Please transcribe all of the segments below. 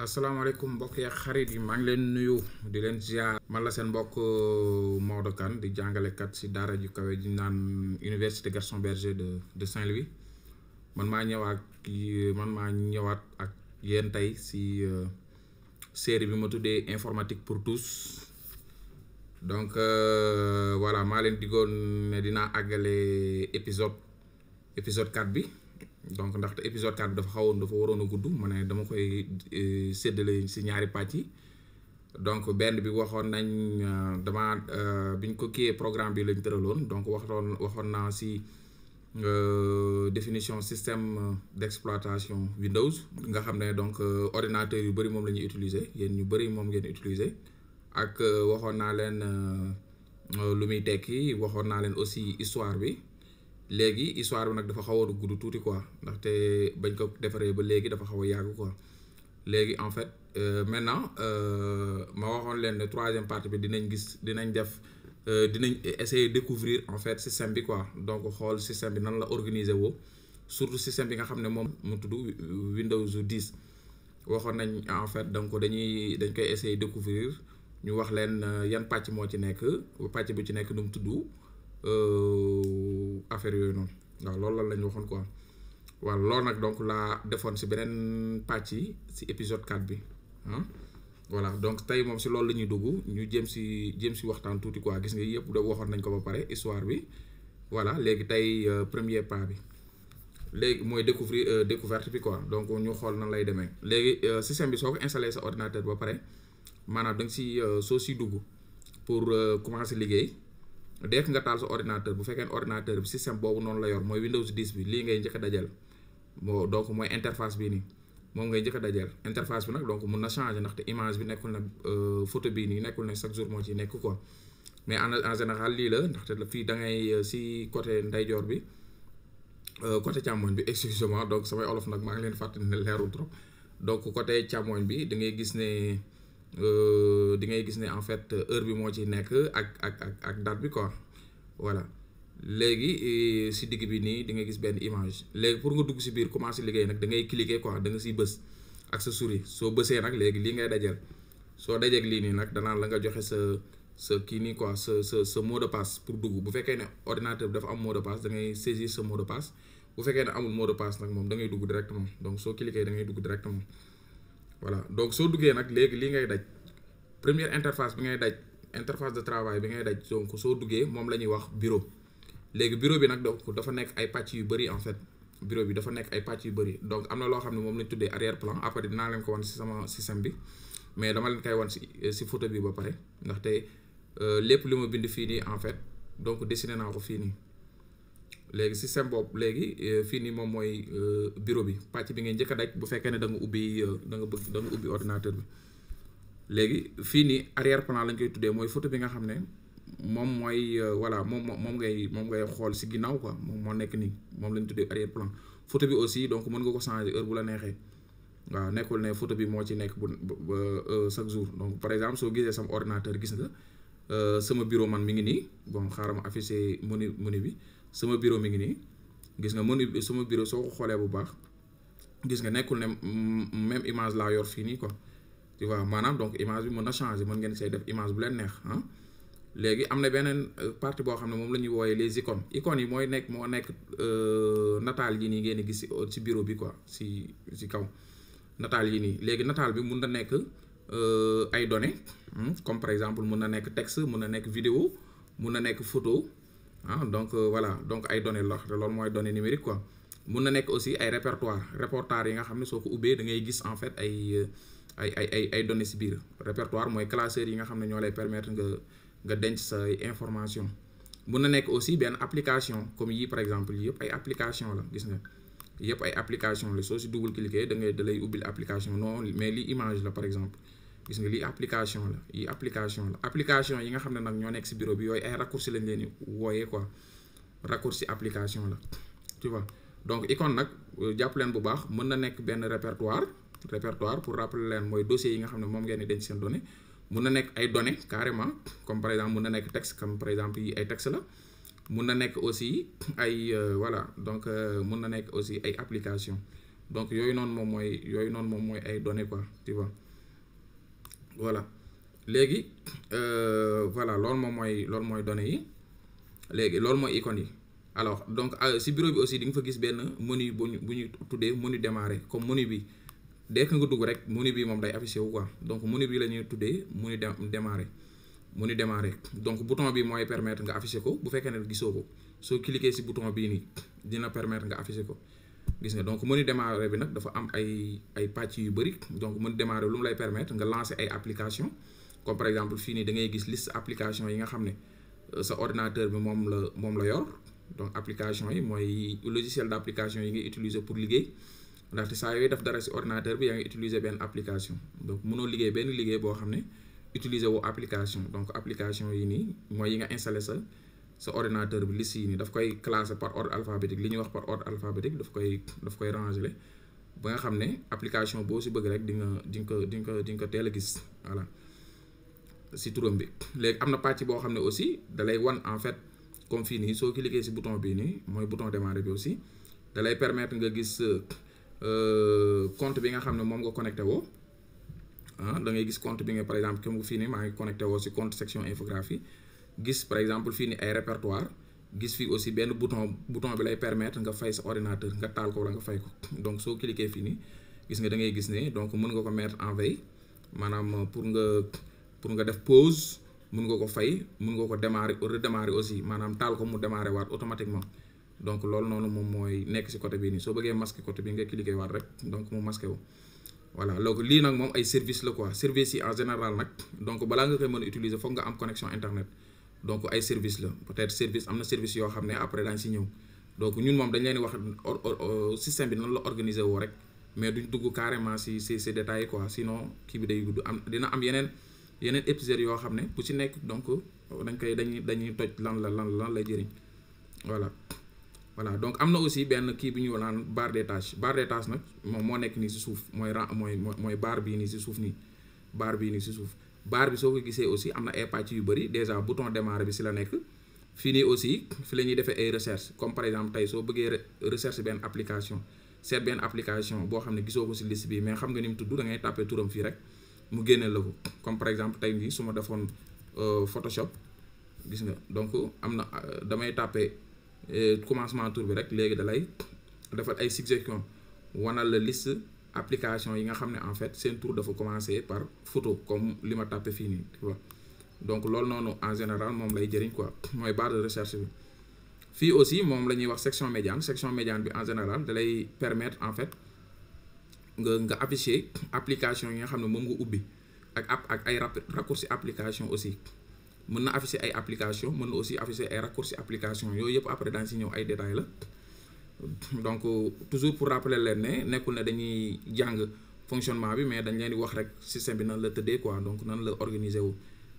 asalaamaaleykum mbokk ya xarit yi maa ngi leen nuyu di leen ziar man la seen mbokk euh, Maodo Kane di jàngalekat ci daara ju kawe ji naan université Gaston Berger de de Saint-Louis man maa ñëwaat man maa ñëwaat ak yéen tey ci. Euh, série bi ma tuddee informatique pour tous donc euh, voilà maa leen diggoon ne dinaa àggale épisode épisode 4 bi donc ndaxte épisode 4 bi dafa xawoon dafa waroon a gudd ma ne dama koy euh, séddale si ñaari pàcc yi donc benn bi waxoon nañ euh, dama euh, ñu ko kiiyee programme bi lañ tëraloon donc waxoon waxoon naa si Euh, définition système d'exploitation Windows nga xam ne donc euh, ordinateur yu bëri moom la ñuy utiliser yéen ñu bëri moom ngeen utiliser ak euh, waxoon naa leen lu muy tekki waxoon naa leen aussi histoire bi léegi histoire bi nag dafa xaw a gudd tuuti quoi ndaxte bañ ko defaree ba léegi dafa xaw a yàgg quoi léegi en fait maintenant ma waxoon leen troisième partie bi dinañ gis dinañ def. Euh, dinañ essayer découvrir en fait système bi quoi donc xool système bi nan la organiser woo surtout système bi nga xam ne moom mu tudd Windows 10 waxoon nañ en fait donc dañuy dañ koy essayer découvrir ñu wax leen euh, yan pàcc moo ci nekk pàcc bi ci nekk nu mu tudd euh, affaire yooyu noonu waaw loolu lan la ñu waxoon quoi waaw loolu nag donc laa defoon si beneen pàcc yi si épisode 4 bi voilà donc tey moom si loolu la ñuy dugg ñu jëm si jëm si waxtaan tuuti quoi gis nga yëpp da waxoon nañ ko ba pare histoire bi voilà léegi tey euh, premier pas bi léegi mooy découvrir euh, découverte bi quoi donc ñu xool nan lay demee léegi euh, système bi soo ko installé sa ordinateur ba pare maanaam da nga si soo si dugg pour commencer liggéey dès nga taal sa ordinateur bu fekkee ordinateur bi système boobu noonu la yor mooy Windows diis bi lii ngay njëkk a dajal donc mooy interface bii nii. moom ngay jëkk a dajeel interface bi nag donc mun na changer ndaxte image bi nekkul ne euh, photo bii nii nekkul ne chaque jour moo ci nekk quoi mais en en général lii la ndaxte fii dangay ngay euh, si côté ndeyjoor bi euh, côté càmmoñ bi excusez-moi donc samay olof nag maa ngi leen fàttali ne leerul trop donc côté càmmoñ bi da ngay gis ne di ngay gis ne en fait heure bi moo ci nekk ak ak ak ak date bi quoi voilà. léegi eh, si digg bi nii di nga gis benn image léegi pour nga dugg si biir commencé liggéey nag da ngay cliquer quoi da nga siy bës ak sa souris soo bësee nag léegi lii ngay dajal soo dajeeg lii nag danaan la nga joxe sa sa kii nii quoi sa sa sa mot de pour dugg bu fekkee ne ordinateur dafa am mot de passe da ngay saisir sa mot de passe bu fekkee nag moom da ngay dugg directement donc soo cliquer da ngay dugg directement voilà donc soo duggee nag léegi lii ngay daj première interface bi ngay daj interface de travail bi ngay daj donc soo duggee moom la ñuy wax bureau. léegi bureau bi nag donc dafa nekk ay pàcc yu bëri en fait bureau bi dafa nekk ay pàcc yu bëri donc am na loo xam ne moom lañ tuddee arrière plan après dinaa leen ko wan si sama système bi mais dama leen koy wan si si euh, photo bi ba pare ndaxte euh, lépp li ma bind fii nii en fait donc dessiné naa ko fii nii léegi système boobu léegi euh, fii nii moom mooy bureau bi pàcc bi ngay njëkk a daj bu fekkee ne da ubbi danga nga bëgg da ubbi ordinateur bi léegi fii nii arrière plan lañ koy tuddee mooy photo bi nga xam ne. moom mooy euh, voilà moom moom ngay moom ngay xool si ginnaaw ko moom moo nekk nii moom la ñu tuddee arrière plan photo bi aussi donc mën nga ko changer heure bu la neexee waaw nekkul ne photo bi moo ci nekk bu ba euh, chaque jour donc par exemple soo gisee sama ordinateur gis nga euh, sama bureau man mi ngi nii bon xaaral ma affiché menu menu bi sama bureau mi ngi nii gis nga menu sama bureau soo ko xoolee bu baax gis nga nekkul ne même image laa yor fii nii ko tu vois maanaam donc image bi mën na changer mën ngeen say def image bu leen neex ah. léegi am na beneen euh, partie boo xam ne moom la ñuy wooyee les icônes icônes yi mooy nekk moo nekk euh, nataal yi nii ngeen gis ci bureau bi quoi si si kaw nataal yi nii léegi nataal bi mun na nekk euh, ay données hmm? comme par exemple mun na nekk texte mun na nekk video mun na nekk photo ah donc voilà donc ay données la loolu mooy données numériques mun na nekk aussi ay répertoire répertoire yi nga xam ne soo ko ubbee da ngay gis en fait ay ay ay ay ay données si biir répertoire mooy classeur yi nga xam ne ñoo lay permettre nga. nga denc say information mun na nekk aussi benn application comme yii par exemple yii yëpp ay application la gis nga yëpp ay application la soo si double cliquer da ngay da lay ubbil application non mais lii image la par exemple gis nga lii application la application la application yi nga xam ne nag ñoo nekk si biro bi yooyu ay raccourci lañ leen di wooyee quoi raccourci application la tu vois donc icône nag euh, jàpp leen bu baax mën na nekk benn répertoire répertoire pour rappeler leen mooy dossier yi nga xam ne moom ngeen di denc seen données mun na nekk ay données carrément comme par exemple mun na nekk texte comme par exemple yi ay texte la mun na nekk aussi ay euh, voilà donc euh, mun na nekk aussi ay application donc yooyu noonu moom mooy yooyu noonu moom mooy ay données quoi tu vois voilà léegi euh, voilà loolu moom mooy loolu mooy données yi léegi loolu mooy icônes yi alors donc si bureau bi aussi di nga fa gis benn menu bu ñu bu ñu tuddee menu démarrer comme menu bi dès que nga dugg rek menu bi moom day affiché wu ko donc menu bi la ñuy tuddee menu démarrer menu démarrer donc bouton bi mooy permettre nga affiché ko bu fekkee ne gisoo ko soo cliquer si bouton bii nii dina permettre nga affiché ko gis nga donc menu démarrer bi nag dafa am ay ay pàcc yu bëri donc menu démarrer lu mu lay permettre nga lancer ay application comme par exemple fii nii da ngay gis liste application yi nga xam ne euh, sa ordinateur bi moom la moom la yor donc application yi mooy logiciel d' application yi ngay utiliser pour liggéey ndaxte saa yooyu def dara si ordinateur bi yaa ngi utiliser benn application donc mënoo liggéey benn liggéey boo xam ne utiliser wu application donc application yi nii mooy yi nga installé sa sa ordinateur bi li yi nii daf koy classer par ordre alphabétique li ñuy wax par ordre alphabétique daf koy daf koy ranger ba nga xam ne application boo si bëgg rek dinga dinga ko di ko di ko teel gis voilà si turam bi léegi am na pàcc boo xam ne aussi da lay wan en fait comme fii nii soo cliquer si bouton bii nii mooy bouton démarrer bi aussi da lay permettre nga gis. Euh, compte bi nga xam ne moom nga connecté woo ah da ngay gis compte bi nga par exemple comme fii nii maa ngi connecté wo si compte section infographie gis par exemple fii nii ay répertoire gis fii aussi benn bouton bouton bi lay permettre nga fay sa ordinateur nga taal ko la nga fay ko donc soo cliquer fii nii gis nga da ngay gis ne donc mën nga ko mettre en maanaam pour nga pour nga def pose mun nga ko fay mun nga ko démarrer redémarrer aussi maanaam taal ko mu démarrer waat automatiquement. donc loolu noonu moom mooy nekk si côté bii nii soo bëggee masqué côté bi nga cliqué rek donc mu masqué wu voilà donc lii nag moom ay service la quoi service yi en général nag donc balaa nga koy mën a utiliser foog nga am connexion internet donc ay service la peut-être service am na service yoo xam ne après daañu si ñëw donc ñun moom dañ leen di wax système bi nan la organiser woo rek mais duñ dugg carrément si si si détails quoi sinon kii bi day gudd am dina am yeneen yeneen épisodes yoo xam ne bu si nekk donc dañ koy dañuy dañuy toj lan la lan lan lay jëriñ voilà donc am na aussi benn kii bi ñu naan barre des tâches barre des tâches nag moom moo nekk nii si suuf mooy ren mooy mooy barre bii nii si suuf nii barre bii nii si suuf barre bi soo ko gisee aussi am na ay pacc yu bëri déjà bouton démarrer bi si la nekk fii nii aussi fi la ñuy defee ay recherche comme par exemple tey soo bëggee recherche benn application seet benn application boo xam ne gisoo ko si liste bi mais xam nga ni mu tudd da ngay tàppee turam fii rek mu génneel la ko comme par tey nii su ma defoon euh, Photoshop gis nga donc am na euh, damay tàppee commencement tour bi rek léegi da lay defal ay suggestion wanal la liste application yi nga xam ne en fait seen tour dafa commencer par photo comme li ma tàppe fii nii donc loolu noonu en général moom lay jëriñ quoi mooy barre de bi fii aussi moom la ñuy wax section médiane section médiane bi en général dalay lay permettre en fait nga nga afficher application yi nga xam ne moom nga ubbi ak app ak ay raccourci application aussi mën na afficher ay application mën na aussi afficher ay raccourci application yooyu yëpp après daañu si ñëw ay détails la donc toujours pour rappeler leen ne nekkul ne dañuy jàng fonctionnement bi mais dañ leen di wax rek système bi nan la tëddee quoi donc nan la organiser wu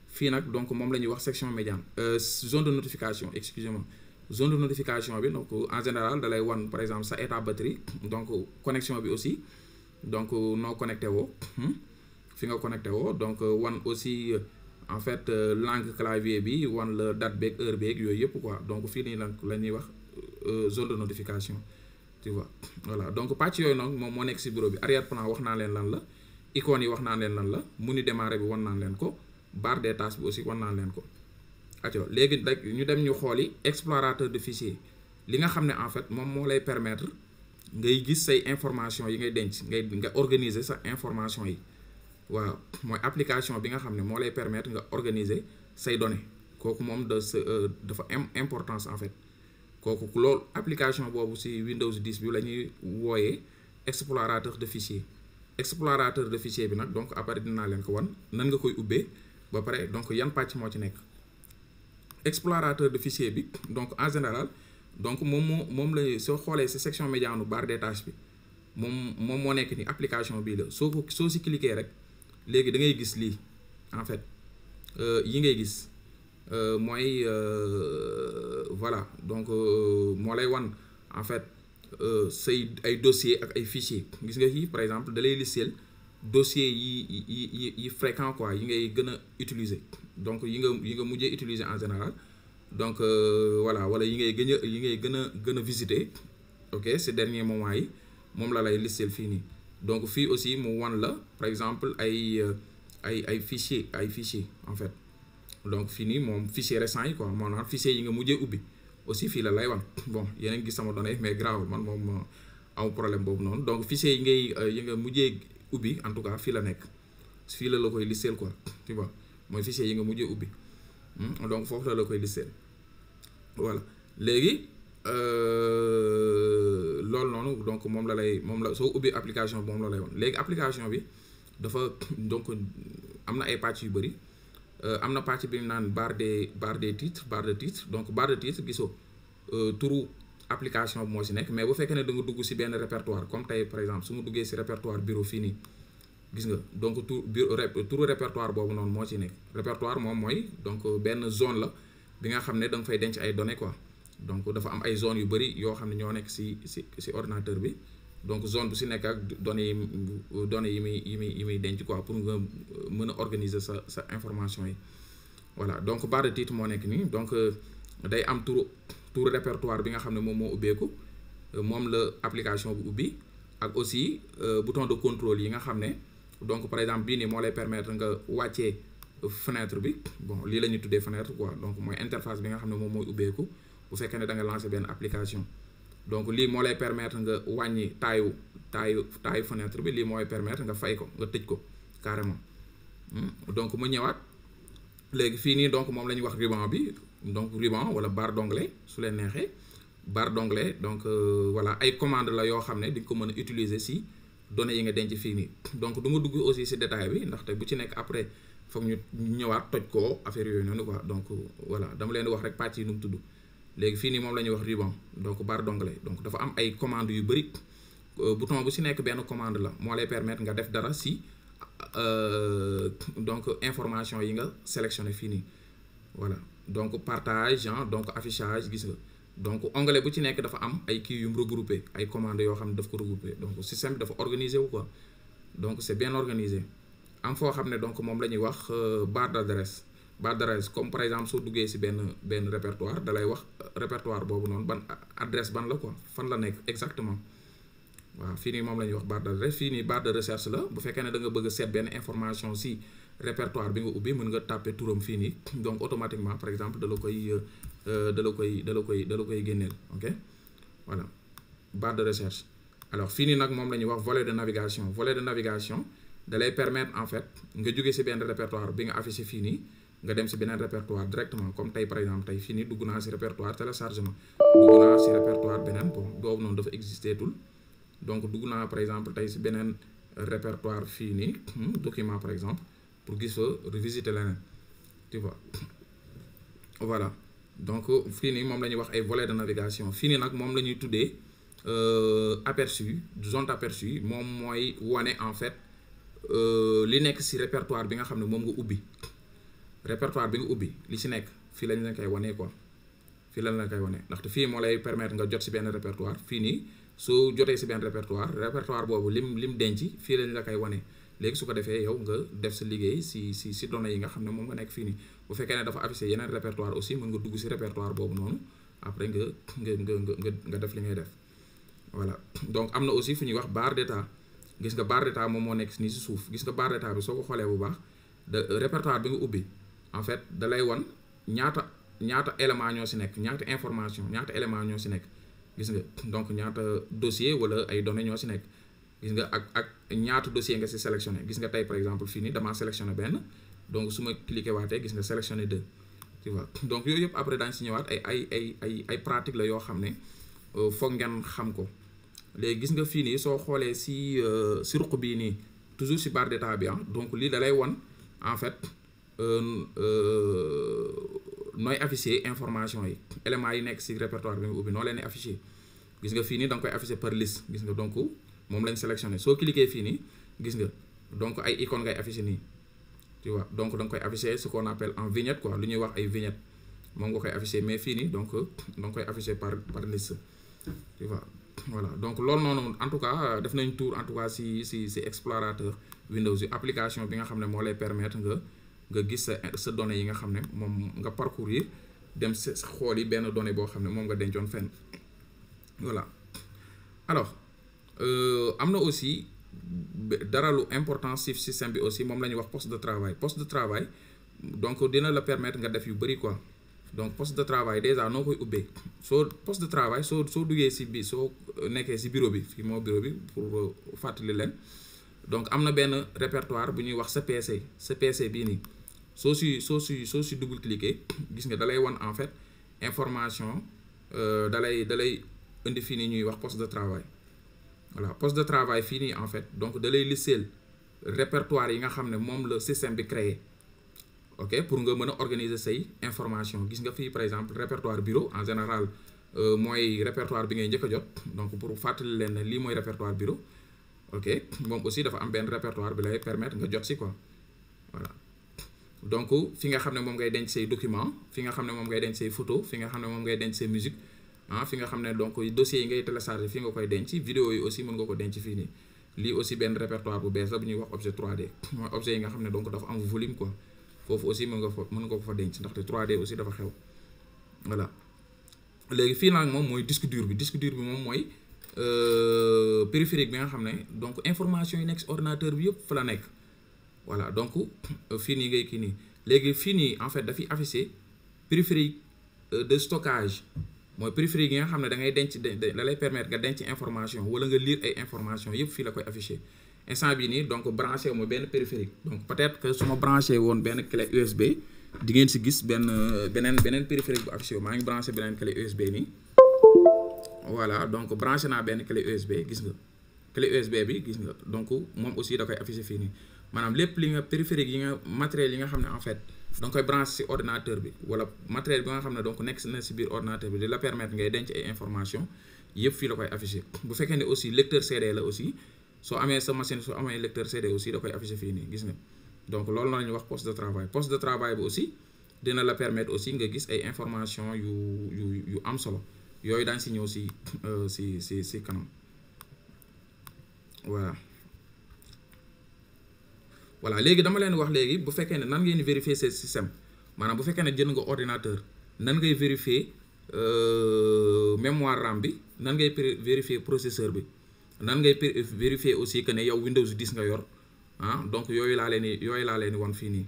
fii nag donc moom la ñuy wax section médiane euh, zone de notification excusez-moi zone de notification bi donc en général da lay wan par exemple sa état batterie donc connexion bi aussi donc noo connecté woo hmm? fi woo donc wan aussi en fait euh, langue clavier bi wan la date beeg heure beeg yooyu yëpp quoi donc fii nii nag la ñuy wax euh, zone de notification tu vois voilà donc pàcc yooyu nag moom moo nekk si bureau bi arrière plan wax naa leen lan la icône yi wax naa leen lan la mu menu démarrer bi wan naa leen ko bar des tâches bi aussi wan naa leen ko aco léegi rek ñu dem ñu xooli explorateur de fichier li nga xam ne en fait moom moo lay permettre ngay gis say information yi ngay denc ngay nga organiser sa information yi waaw mooy application bi nga xam ne moo lay permettre nga organiser say données kooku moom da euh, dafa importance en fait kooku loolu application boobu ci Windows 10 bi la ñuy wooyee explorateur de fichier explorateur de fichier bi nag donc après dinaa leen ko wan nan nga koy ubbee ba pare donc yan pàcc moo ci nekk explorateur de fichier bi donc en général donc moom moo moom la soo xoolee si section médiane barre des tâches bi moom moom moo nekk ni application bii la soo ko soo ci cliquer rek léegi da ngay gis lii en fait euh, yi ngay gis euh, mooy euh, voilà donc moo lay wan en fait say ay dossier ak ay fichier gis nga kii par exemple dalay lay listeel dossier yi yi yi yi fréquent quoi yi ngay gën a utiliser donc yi nga yi nga mujjee utiliser en général donc voilà wala yi ngay gën a yi ngay gën a gën a visiter ok ces derniers moment yi moom la lay listeel fii nii donc fii aussi mu wan la par exemple ay euh, ay ay fichier ay fichier en fait donc fii nii moom fichier récent yi moo maanaam fichier yi nga mujjee ubbi aussi fii la lay wan bon yeneen gis sama données mais grave man moom euh, amu problème boobu noonu donc fichier yi ngay euh, yi nga mujjee ubbi en tout cas fii la nekk fii la la koy listeel quoi mooy fichier yi nga mujjee ubbi hmm? donc foofu la la koy listeel voilà léegi Euh, loolu noonu donc moom la lay moom la soo ubbi application bi moom la lay woon léegi application bi dafa donc am na ay pàcc yu bëri euh, am na pàcc bi ñu naan barre des barre des titres barre de donc barre de gisoo euh, turu application bi moo si nekk mais bu fekkee ne da nga dugg si benn répertoire comme tey par exemple su ma duggee si répertoire bureau fii nii gis nga donc tur turu répertoire boobu noonu moo ci nekk répertoire moom mooy donc benn zone la bi nga xam ne da nga fay denc ay données quoi donc dafa am ay zone yu bëri yoo xam ne ñoo nekk si si si ordinateur bi donc zone bu si nekk ak données yi données yi muy yi muy denc quoi pour nga mën a organiser sa sa information yi voilà donc barre de moo nekk nii donc euh, day am tour tour répertoire bi nga xam ne moom moo ubbeeku euh, moom la application bu ubbi ak aussi euh, bouton de contrôle yi nga xam ne donc par exemple bii nii moo lay permetre nga wàccee fenêtre bi bon lii la ñuy tuddee fenêtre quoi donc mooy interface bi nga xam ne moom mooy ubbeeku bu fekkee ne da nga lancer benn application donc lii moo lay permettre nga wàññi taayu taayu taayu fenêtre bi lii mooy permettre nga fay ko nga tëj ko carrément hmm? donc ma ñëwaat léegi fii nii donc moom la ñuy wax ruban bi donc ruban wala bar d'onglet su leen neexee barre d'onglet donc euh, voilà ay commande la yoo xam ne di nga ko mën a utiliser si données yi nga denc fii nii donc du ma dugg aussi si détail bi ndaxte bu ci nekk après foog ñu ñëwaat toj koo affaire yooyu noonu quoi donc euh, voilà dama leen di wax rek pàcc yi nu mu tudd léegi fii nii moom la ñuy wax ruban donc barre d'onglet donc dafa am ay commandes yu bëri euh, bouton bu si nekk benn commande la moo lay permettre nga def dara si euh, donc information yi nga sélectionné fii nii voilà donc partage ah donc affichage gis nga donc onglet bu ci nekk dafa am ay kii yu mu ay commandes yoo xam ne daf ko regroupé donc système bi dafa organiser wu ko donc c'est benn organisé am foo xam ne donc moom la ñuy wax euh, barre d'adresse ba dara comme par exemple soo duggee si benn benn répertoire dalay wax euh, répertoire boobu noonu ban adresse ban la quoi fan la nekk exactement waa fii nii moom la ñuy wax barre d'adresse fii nii barre de la bu fekkee ne da nga bëgg a seet benn information si répertoire bi nga ubbi mën nga fii nii donc automatiquement par exemple da euh, euh, koy da koy da koy da la koy génneel ok voilà barre de recherche alors fii nii nag moom la ñuy wax volet de navigation volet de navigation da lay en fait nga jóge si benn répertoire bi nga affiché fii nii nga dem si beneen répertoire directement comme tey par exemple tey fii nii dugg naa si répertoire téléchargement dugg naa si répertoire beneen bon boobu noonu dafa existé tul donc dugg naa par exemple tey si beneen répertoire fii nii hmm, document par exemple pour gisoo fa revisiter leneen tu vois voilà donc fii nii moom la ñuy wax ay volets de navigation fii nii nag moom la ñuy tuddee euh, aperçu zone aperçu moom mooy wane en fait euh, li nekk si répertoire bi nga xam ne moom ubbi répertoire bi nga ubbi li ci nekk fii lañ la koy wane quoi fii lañ la koy wane ndaxte fii moo lay permettre nga jot ci benn répertoire fii nii su jotee ci benn répertoire répertoire boobu lim lim denc fii lañ la koy wanee léegi su ko defee yow nga def sa liggéey ci ci ci données yi nga xam ne moom nga nekk fii nii bu fekkee ne dafa affiché yeneen répertoire aussi mën nga dugg ci répertoire boobu noonu après nga nga nga nga def li ngay def voilà donc am na aussi fu ñuy wax barre d'état gis nga barre d'état moom moo nekk nii si suuf gis nga barre d'état bi soo ko xoolee bu baax de bi nga ubbi. en fait dalay lay wan ñaata ñaata élément ñoo si nekk ñaata information ñaata élément ñoo si nekk gis nga donc ñaata dossier wala ay données ñoo si nekk gis nga ak ak ñaata dossier nga si sélectionné gis nga tey par exemple fii nii damaa sélectionné benn donc su ma cliqué waatee gis nga sélectionné de tu vois donc yooyu yëpp après daañu si ñëwaat ay ay ay pratique la yoo xam ne euh, foog ngeen xam ko léegi gis nga fii nii soo xoolee si euh, si ruq bii nii toujours si barre d'état bi ah, donc lii da lay en fait Euh, euh, nooy afficher information yi éléments yi nekk si répertoire bi mu ubbi noo leen di afficher gis nga fii nii da nga koy afficher par liste gis nga donc moom lañ sélectionné soo cliquer fii nii gis nga donc ay icônes ngay afficher nii tu vois donc da koy afficher ce qu'on appelle en vignette quoi lu ñuy wax ay vignette moom nga koy afficher mais fii nii donc da koy afficher par par liste tu vois loolu noonu en tout cas euh, def nañ tour en tout cas ci ci explorateur Windows yi application bi nga xam ne moo lay permettre nga nga gis sa sa données yi nga xam ne moom nga yi dem sa xool yi benn donnée boo xam ne moom nga dencoon fen voilà alors euh, am na aussi dara lu important si système bi aussi moom la ñuy wax poste de travail poste de travail donc dina la permettre nga def yu bëri quoi donc poste de travail déjà noo koy ubbee soo poste de travail soo soo duggee si bi soo nekkee si bureau bi fii moo bureau bi pour euh, fàttali leen donc am na benn répertoire bu ñuy wax CPC CPC bii nii. soo si soo si soo si double cliquer gis nga dalay wan en fait information euh, dalay dalay indi fii nii ñuy wax poste de travail voilà poste de travail fii nii en fait donc dalay listeel répertoire yi nga xam ne moom la système bi créé ok pour nga mën a organiser say information gis nga fii par exemple répertoire bureau en général euh, mooy répertoire bi ngay njëkk jot donc pour fàttali leen ne lii mooy répertoire bureau ok moom aussi dafa am benn répertoire bi lay permettre nga jot si quoi voilà donc fi nga xam ne moom ngay denc say document fi nga xam ne moom ngay denc say photo fi nga xam ne moom ngay denc say musique ah, fi nga xam ne donc dossiers yi ngay télécharger fi nga koy denc vidéo yi aussi mën nga ko denc fii nii lii aussi benn répertoire bu bees la bu ñuy wax objet 3D mooy objet yi nga xam ne donc dafa am volume quoi foofu aussi mën nga fa mën nga ko fa denc ndaxte 3D aussi dafa xew voilà léegi fii nag moom mooy disque dur bi disque dur bi moom mooy euh, périphérique bi nga xam ne donc information yi nekk ordinateur bi yëpp fa la nekk voilà donc euh, fii nii ngay kii nii léegi fii nii en fait dafiy affiché périphérique euh, de stockage mooy périphérique yi nga xam ne da ngay denc da lay permettre nga denc information wala nga information yëpp fii la koy affiché instant bii nii donc branché wu ma benn périphérique donc peut-être que su ma branché woon benn clé USB di ngeen si gis benn euh, beneen beneen périphérique bu affiché maa ngi branché beneen clé USB nii voilà donc branché naa benn clé USB gis nga clé USB bi gis nga donc moom aussi da koy affiché fii nii. maanaam lépp li nga périphérique yi nga matériel yi nga xam ne en fait da nga koy branché si ordinateur bi wala matériel bi nga xam ne donc nekk na si biir ordinateur bi di la permettre ngay denc ay information yëpp fii la koy affiché bu fekkee ne aussi lecteur CD la aussi soo amee sa machine soo amee lecteur CD aussi da koy affiché fii nii gis nga donc loolu noonu la ñuy wax poste de travail poste de travail bi aussi dina la permettre aussi nga gis ay information yu yu yu am solo yooyu daañ si ñëw si si si si voilà léegi dama leen wax léegi bu fekkee ne nan ngeen vérifier seen système maanaam bu fekkee ne jënd nga ordinateur nan ngay vérifier euh, mémoire RAM bi nan ngay vérifier processeur bi nan ngay vérifier aussi que ne yow Windows dis nga yor ah donc yooyu laa leen yooyu laa leen di wan fii nii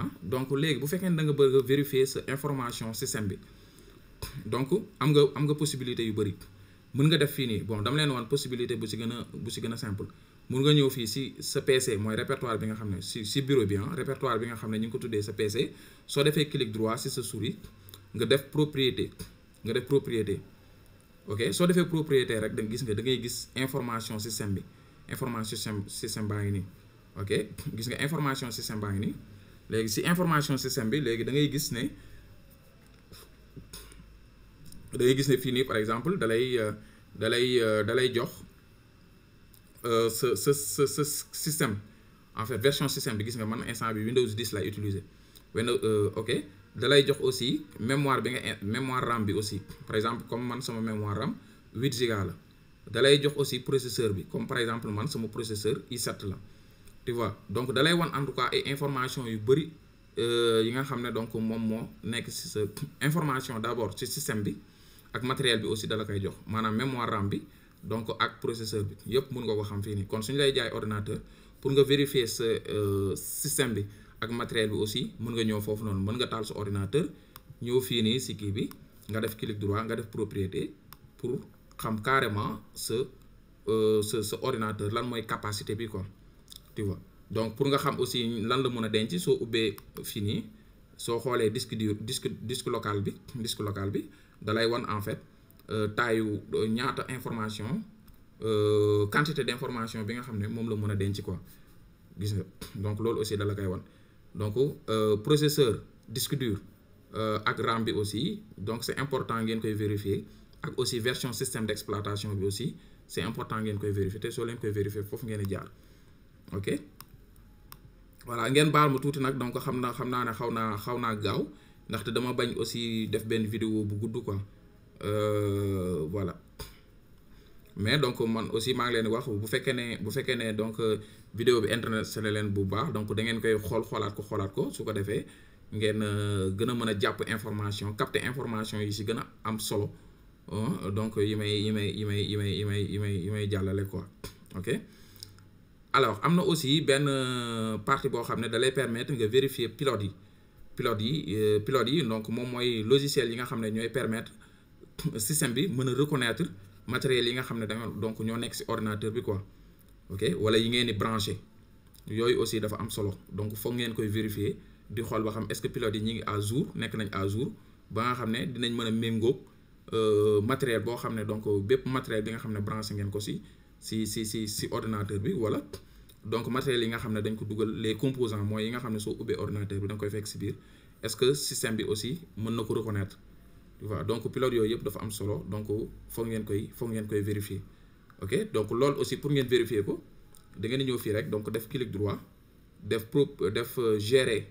ah donc léegi bu fekkee ne da nga bëgg a vérifier sa information système bi donc am nga am nga possibilité yu bëri mën nga def fii nii bon dama leen wan possibilité bu ci gën a bu si gën a simple mun nga ñëw fii si sa PC mooy répertoire bi nga xam ne si si bureau bi ah répertoire bi nga xam ne ñu ngi ko tuddee sa PC soo defee clic droit si sa souris nga def propriété nga def propriété ok soo defee propriété rek da gis nga da gis information système bi information système système baa ngi nii ok gis nga information si baa ngi nii léegi si information système bi léegi dangay gis ne da gis ne fii nii par exemple da lay euh, dalay euh, da lay jox. Euh, ce ce ce ce système en fait version système bi gis nga man instant bi Windows 10 lay utiliser Windows euh, ok da lay jox aussi mémoire bi nga mémoire RAM bi aussi par exemple comme man sama mémoire RAM 8 giga la da lay jox aussi processeur bi comme par exemple man sama processeur i set la tu donc dalay lay wan en tout cas ay information yu bëri euh, yi nga xam ne donc moom moo nekk si sa information d'abord ci système bi ak matériel bi aussi da la koy jox maanaam mémoire donc ak processeur bi yëpp mun nga ko xam fii nii kon suñu lay jaay ordinateur pour nga vérifier sa euh, système bi ak matériel bi aussi mun nga ñëw foofu noonu mën nga taal sa ordinateur ñëw fii nii si kii bi nga def clic droit nga def propriété pour xam carrément sa euh, sa sa ordinateur lan mooy capacité bi quoi tu donc pour nga xam aussi lan la mën a denc soo ubbee fii nii soo xoolee disque dur disque disque local bi disque local bi da lay wan en fait. Euh, taayu euh, ñaata information euh, quantité d' information bi nga xam ne moom la mun a denc quoi gis nga donc loolu aussi da la koy wan donc processeur disque dur ak RAM bi aussi donc c' important ngeen koy vérifier ak aussi version système d' exploitation bi aussi c' est important ngeen koy vérifier te soo leen koy vérifier foofu ngeen di jaar ok voilà ngeen baal ma tuuti nag donc xam naa xam naa ne xaw naa xaw naa gaaw ndaxte dama bañ aussi def benn vidéo bu gudd ko Euh, voilà mais donc man aussi maa ngi leen di wax bu fekkee ne bu fekkee ne donc euh, vidéo bi internet sele leen bu baax donc da ngeen koy xool xoolaat ko xoolaat ko su ko defee ngeen euh, gën a mën a jàpp information capter information yi ci gën a am solo donc yi may yi may yi may yi may yi may yi may may jàllale quoi ok alors am na aussi benn partie boo xam ne dalay lay permettre nga vérifier pilote yi pilote yi donc moom mooy logiciel yi nga xam ne ñooy permettre système bi mën a reconnaître matériel yi nga xam ne da nga donc ñoo nekk ci ordinateur bi ko ok wala yi ngeen ni branché yooyu aussi dafa am solo donc foog ngeen koy vérifier di xool ba xam est-ce que pilote ñu ngi à jour nekk nañ à jour ba xam ne dinañ mën a méngóog euh, matériel boo xam ne donc bépp matériel bi nga xam ne branché ngeen ko si si si si si ordinateur bi wala donc matériel yi nga xam ne dañ ko dugal les composant mooy yi nga xam ne soo ubbee ordinateur bi da koy fekk si biir est-ce que système bi aussi mën na ko reconnaître tu donc pilote yooyu yëpp dafa am solo donc foog ngeen koy foog ngeen koy vérifier ok donc loolu aussi pour ngeen vérifier ko da ngeen ñëw fii rek donc def clic droit def pro def euh, gérer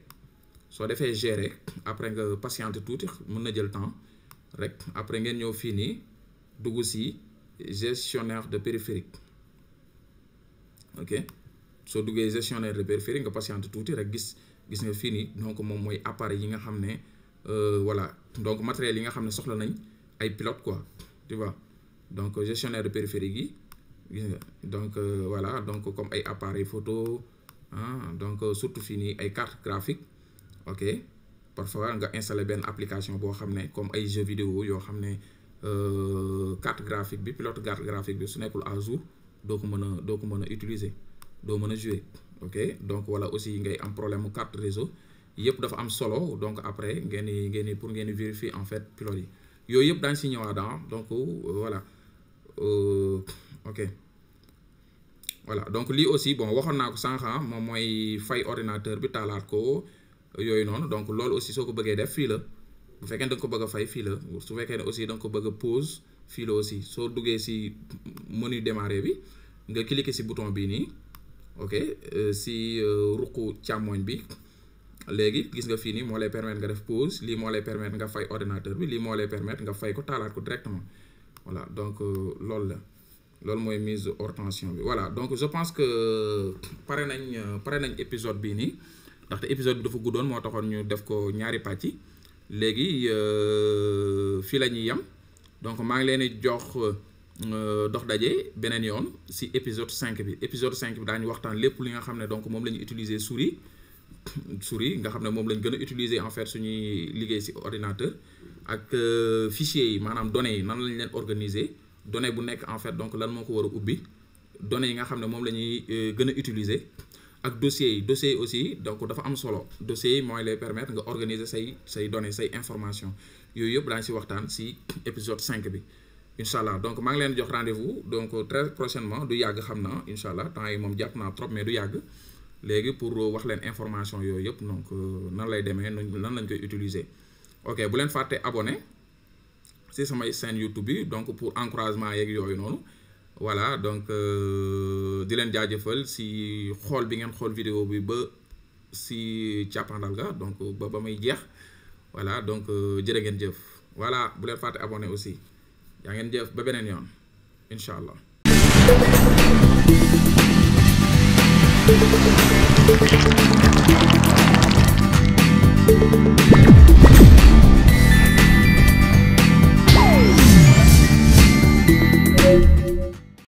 soo defee gérer après nga patiente tuuti mën na jël temps rek après ngeen ñëw fii nii dugg si gestionnaire de périphérique ok soo duggee gestionnaire de périphérique nga patiente tuuti rek gis gis nga fii nii donc moom mooy appareil yi nga xam ne euh, voilà. donc matériel yi nga xam ne soxla nañ ay pilote quoi tu donc gestionnaire de périphérique yi donc euh, voilà donc comme ay appareil photo ah donc euh, surtout fii nii ay carte graphique ok parfois nga installer benn application boo xam ne comme ay jeu vidéo yoo xam ne euh, carte graphique bi pilote carte graphique bi su nekkul à jour doo ko mën a doo ko mën a utiliser doo mën a jouer ok donc wala aussi ngay am problème mu carte réseau yëpp dafa am solo donc après ngeen di ngeen pour ngeen di vérifier en fait pylori yi yooyu yëpp daañu si ñëwaat ah donc euh, voilà euh, ok voilà donc lii aussi bon waxoon naa ko sànq ah, moom mooy fay ordinateur bi taalaat ko yooyu noonu donc loolu aussi soo ko bëggee def fii la bu fekkee da nga ko bëgg a fay fii la su fekkee ne aussi danga ko bëgg a pause fii la aussi soo duggee si mënu démarrer bi nga cliquer si bouton bii nii ok euh, si ruqu càmmoñ bi. léegi gis nga fii nii moo lay permettre nga def pause lii moo lay permettre nga fay ordinateur bi lii moo lay permettre nga fay ko taalaat ko directement voilà donc euh, loolu la loolu mooy mise hors bi voilà donc je pense que euh, pare nañ euh, pare nañ épisode bii nii ndaxte épisode bi dafa guddoon moo taxoon ñu def ko ñaari pàcc léegi fii la ñuy yem donc maa ngi leen di jox dox daje beneen yoon si épisode 5 bi épisode 5 bi daañu waxtaan lépp li nga xam ne donc moom la ñu utiliser souris souris nga xam ne moom lañ gën a utiliser en fait suñuy liggéey si ordinateur ak euh, fichier yi maanaam données yi nan lañ leen organiser données bu nekk en fait donc lan moo ko war a ubbi données yi nga xam ne moom la ñuy euh, gën a utiliser ak dossiers yi dossiers yi aussi donc dafa am solo dossiers yi mooy lay permettre nga organiser say say données say information yooyu yëpp daañu ci waxtaan si épisode cinq bi incha allah donc maa ngi leen jox rendez-vous donc très prochainement du yàgg xam na incha allah temps yi moom jàpp naa du yàgg léegi pour wax leen information yooyu yëpp donc euh, nan lay demee nan lañ koy utiliser ok bu leen fàtte abonné si samay chaîne YouTube bi donc pour encouragement yeeg yooyu noonu voilà donc euh, di leen jaajëfal si xool bi ngeen xool vidéo bi ba si càppandal ga donc ba ba muy jeex voilà donc euh, jërë ngeen jëf wala bu leen fàtte abone aussi yaa ngeen jëf ba beneen yoon incha allah Thank you.